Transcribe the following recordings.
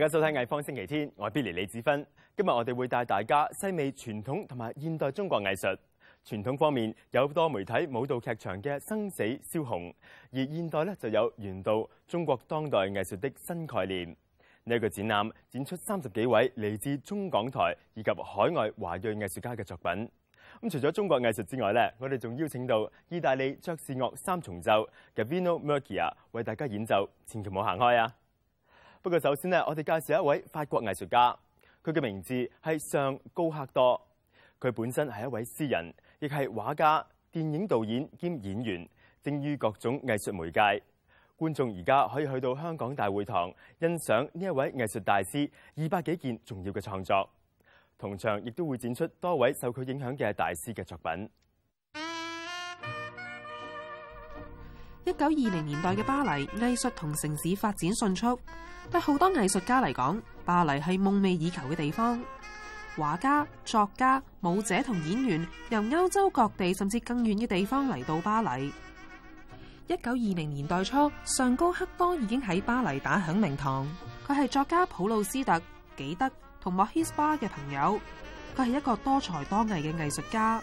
大家收睇藝坊星期天，我係 Billy 李子芬。今日我哋會帶大家細味傳統同埋現代中國藝術。傳統方面有多媒體舞蹈劇場嘅《生死蕭紅》，而現代呢就有原道，中國當代藝術的新概念呢一個展覽，展出三十幾位嚟自中港台以及海外華裔藝術家嘅作品。咁除咗中國藝術之外呢，我哋仲邀請到意大利爵士樂三重奏 Gabino Murcia 為大家演奏，千祈唔好行開啊！不過，首先呢我哋介紹一位法國藝術家，佢嘅名字係尚高克多。佢本身係一位詩人，亦係畫家、電影導演兼演員，精於各種藝術媒介。觀眾而家可以去到香港大會堂欣賞呢一位藝術大師二百幾件重要嘅創作。同場亦都會展出多位受佢影響嘅大師嘅作品。一九二零年代嘅巴黎，藝術同城市發展迅速，對好多藝術家嚟講，巴黎係夢寐以求嘅地方。畫家、作家、舞者同演員由歐洲各地甚至更遠嘅地方嚟到巴黎。一九二零年代初，尚高克多已經喺巴黎打響名堂。佢係作家普魯斯特、紀德同莫斯巴嘅朋友。佢係一個多才多藝嘅藝術家。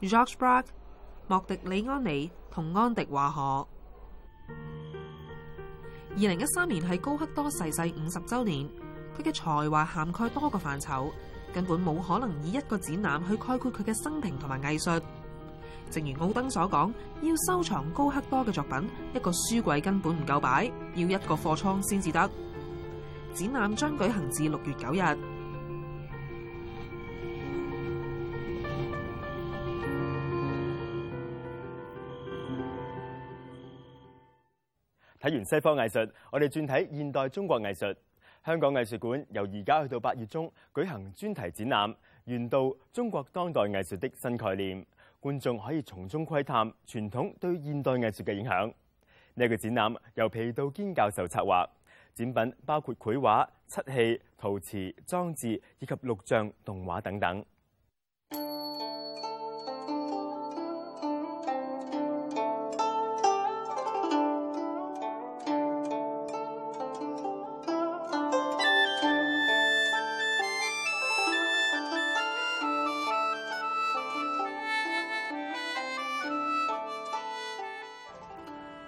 Georges Braque、莫迪里安尼同安迪華荷。二零一三年係高克多逝世五十周年，佢嘅才華涵蓋多個範疇，根本冇可能以一個展覽去概括佢嘅生平同埋藝術。正如奧登所講，要收藏高克多嘅作品，一個書櫃根本唔夠擺，要一個貨倉先至得。展覽將舉行至六月九日。睇完西方藝術，我哋轉睇現代中國藝術。香港藝術館由而家去到八月中舉行專題展覽，原道中國當代藝術的新概念，觀眾可以從中窺探傳統對現代藝術嘅影響。呢個展覽由皮道堅教授策劃，展品包括繪畫、漆器、陶瓷、裝置，以及錄像、動畫等等。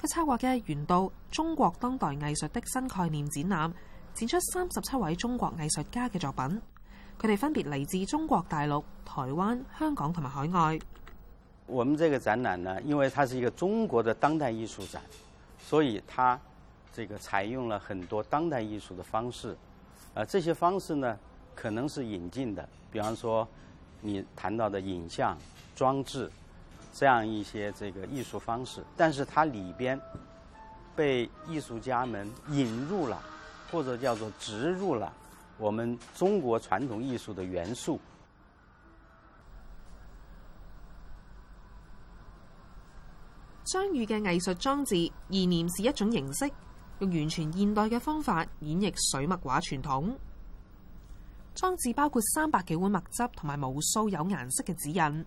佢策劃嘅《原道：中國當代藝術的新概念》展覽，展出三十七位中國藝術家嘅作品，佢哋分別嚟自中國大陸、台灣、香港同埋海外。我們這個展覽呢，因為它是一個中國的當代藝術展，所以它這個採用了很多當代藝術的方式，啊，這些方式呢，可能是引進的，比方說你談到的影像、裝置。這樣一些這個藝術方式，但是它裏邊被藝術家們引入了，或者叫做植入了我們中國傳統藝術的元素。張裕嘅藝術裝置《意念是一種形式》，用完全現代嘅方法演繹水墨畫傳統。裝置包括三百幾碗墨汁同埋無數有顏色嘅指印。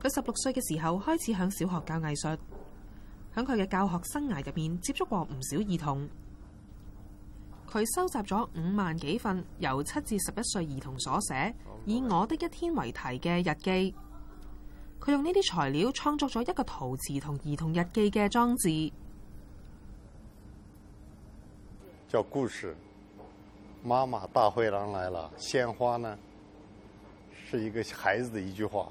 佢十六歲嘅時候開始響小學教藝術，響佢嘅教學生涯入面接觸過唔少兒童。佢收集咗五萬幾份由七至十一歲兒童所寫以我的一天為題嘅日記。佢用呢啲材料創作咗一個陶瓷同兒童日記嘅裝置。叫「故事，媽媽大灰狼來了，鮮花呢，是一個孩子嘅一句話。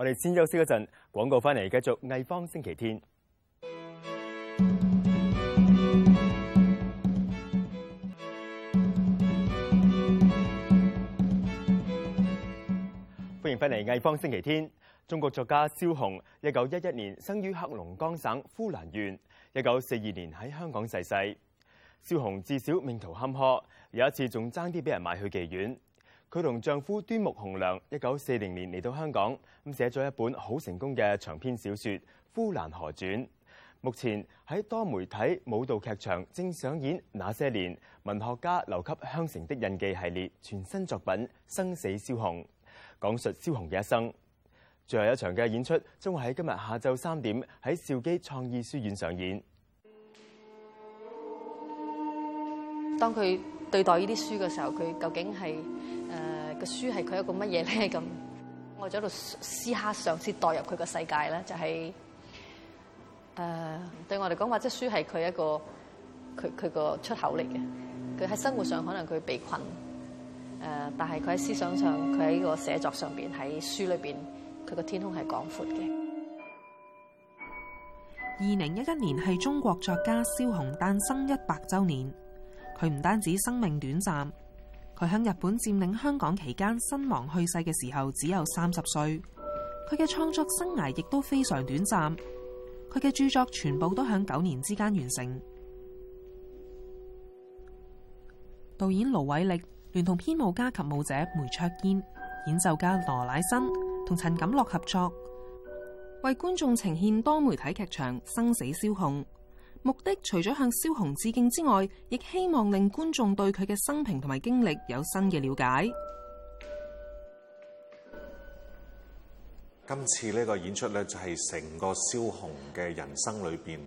我哋先休息一陣，廣告翻嚟，繼續藝坊星期天。歡迎翻嚟藝坊星期天。中國作家蕭紅，一九一一年生於黑龍江省呼蘭縣，一九四二年喺香港逝世。蕭紅自小命途坎坷，有一次仲爭啲俾人買去妓院。佢同丈夫端木蕻良一九四零年嚟到香港，咁寫咗一本好成功嘅長篇小說《呼蘭河傳》。目前喺多媒體舞蹈劇場正上演《那些年》，文學家留給香城的印記系列全新作品《生死蕭紅》，講述蕭紅嘅一生。最後一場嘅演出將會喺今日下晝三點喺兆基創意書院上演。當佢。對待呢啲書嘅時候，佢究竟係誒個書係佢一個乜嘢咧？咁我就喺度私下上先代入佢個世界咧，就係、是、誒、呃、對我嚟講，或者書係佢一個佢佢個出口嚟嘅。佢喺生活上可能佢被困誒、呃，但係佢喺思想上，佢喺呢個寫作上邊喺書裏邊，佢個天空係廣闊嘅。二零一一年係中國作家蕭紅誕生一百週年。佢唔單止生命短暫，佢喺日本佔領香港期間身亡去世嘅時候只有三十歲。佢嘅創作生涯亦都非常短暫，佢嘅著作全部都喺九年之間完成。導演盧偉力聯同編舞家及舞者梅卓燕、演奏家羅乃新同陳錦樂合作，為觀眾呈現多媒體劇場《生死蕭紅》。目的除咗向蕭紅致敬之外，亦希望令觀眾對佢嘅生平同埋經歷有新嘅了解。今次呢個演出咧，就係成個蕭紅嘅人生裏邊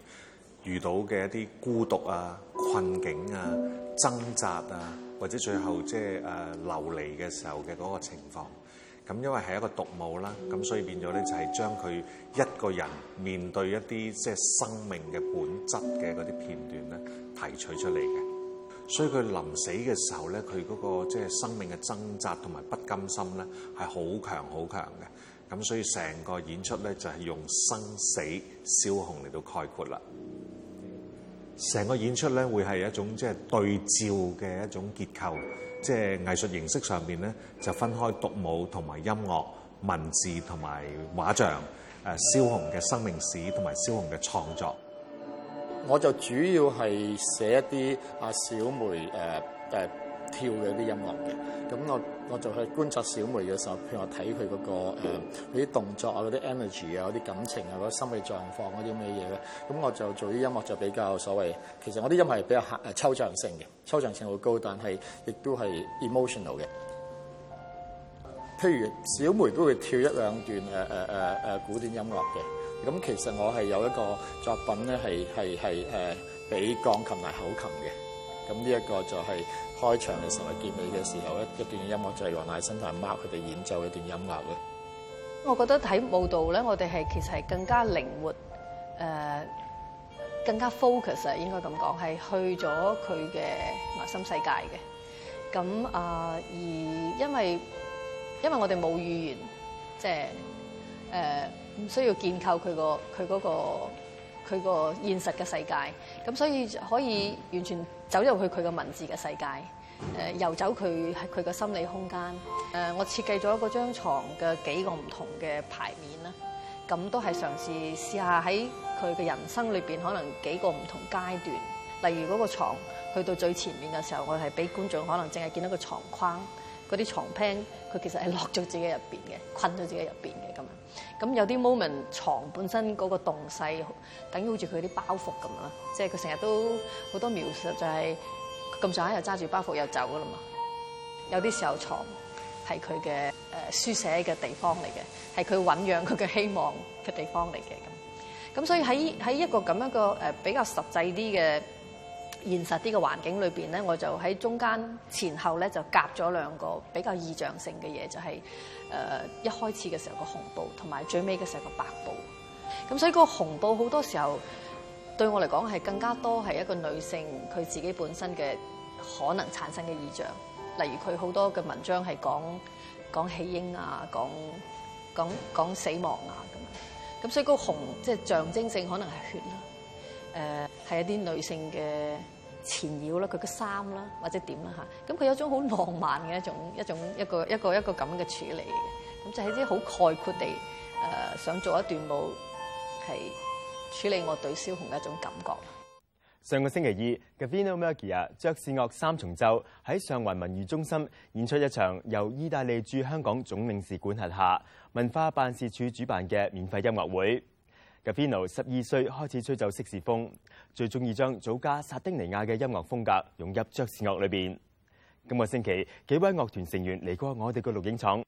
遇到嘅一啲孤獨啊、困境啊、掙扎啊，或者最後即係誒流離嘅時候嘅嗰個情況。咁因為係一個獨舞啦，咁所以變咗咧就係將佢一個人面對一啲即係生命嘅本質嘅嗰啲片段咧提取出嚟嘅。所以佢臨死嘅時候咧，佢嗰個即係生命嘅掙扎同埋不甘心咧係好強好強嘅。咁所以成個演出咧就係用生死蕭紅嚟到概括啦。成個演出咧，會係一種即係對照嘅一種結構，即係藝術形式上邊咧，就分開獨舞同埋音樂、文字同埋畫像。誒，蕭紅嘅生命史同埋蕭紅嘅創作，我就主要係寫一啲阿小梅誒誒。呃呃跳嘅啲音樂嘅，咁我我就去觀察小梅嘅時候，譬如我睇佢嗰個誒嗰啲動作啊，嗰啲 energy 啊，嗰啲感情啊，嗰啲心理狀況嗰啲咁嘅嘢咧，咁我就做啲音樂就比較所謂，其實我啲音樂係比較抽象性嘅，抽象性好高，但係亦都係 emotional 嘅。譬如小梅都會跳一兩段誒誒、呃呃、古典音樂嘅，咁其實我係有一個作品咧係係係誒俾鋼琴同埋口琴嘅。咁呢一個就係開場嘅，成為結尾嘅時候一一段音樂，就係羅乃新同埋 Mark 佢哋演奏一段音樂呢，我覺得喺舞蹈咧，我哋係其實係更加靈活、呃、更加 focus 啊，應該咁講係去咗佢嘅內心世界嘅。咁啊、呃，而因為因為我哋冇語言，即係唔需要建構佢、嗰個佢嗰、嗰個佢、嗰個、個現實嘅世界，咁所以可以完全、嗯。走入去佢嘅文字嘅世界，誒，遊走佢佢嘅心理空間，誒，我設計咗嗰張床嘅幾個唔同嘅牌面啦，咁都係嘗試試下喺佢嘅人生裏邊可能幾個唔同階段，例如嗰個床去到最前面嘅時候，我係俾觀眾可能淨係見到個床框，啲床 pan 佢其實係落咗自己入邊嘅，困咗自己入邊嘅。咁有啲 moment，床本身嗰個動勢，等於好似佢啲包袱咁樣啦，即係佢成日都好多描述就係咁上下又揸住包袱又走噶啦嘛。有啲時候床係佢嘅誒書寫嘅地方嚟嘅，係佢醞釀佢嘅希望嘅地方嚟嘅。咁咁所以喺喺一個咁樣個誒、呃、比較實際啲嘅。現實啲嘅環境裏邊咧，我就喺中間前後咧就夾咗兩個比較異象性嘅嘢，就係誒一開始嘅時候個紅布，同埋最尾嘅時候個白布。咁所以個紅布好多時候對我嚟講係更加多係一個女性佢自己本身嘅可能產生嘅異象，例如佢好多嘅文章係講講棄嬰啊，講講講死亡啊咁樣。咁所以個紅即係象徵性，可能係血啦，誒係一啲女性嘅。纏繞啦，佢嘅衫啦，或者點啦吓，咁佢有種好浪漫嘅一種一種一個一個一個咁嘅處理，咁就係啲好概括地誒、呃，想做一段舞係處理我對蕭紅嘅一種感覺。上個星期二，Gavino Melgier 爵士樂三重奏喺上環文娛中心演出一場由意大利駐香港總領事館轄下文化辦事處主辦嘅免費音樂會。Gavino 十二歲開始吹奏色士風，最中意將祖家薩丁尼亞嘅音樂風格融入爵士樂裏面。今個星期，幾位樂團成員嚟過我哋嘅錄影廠。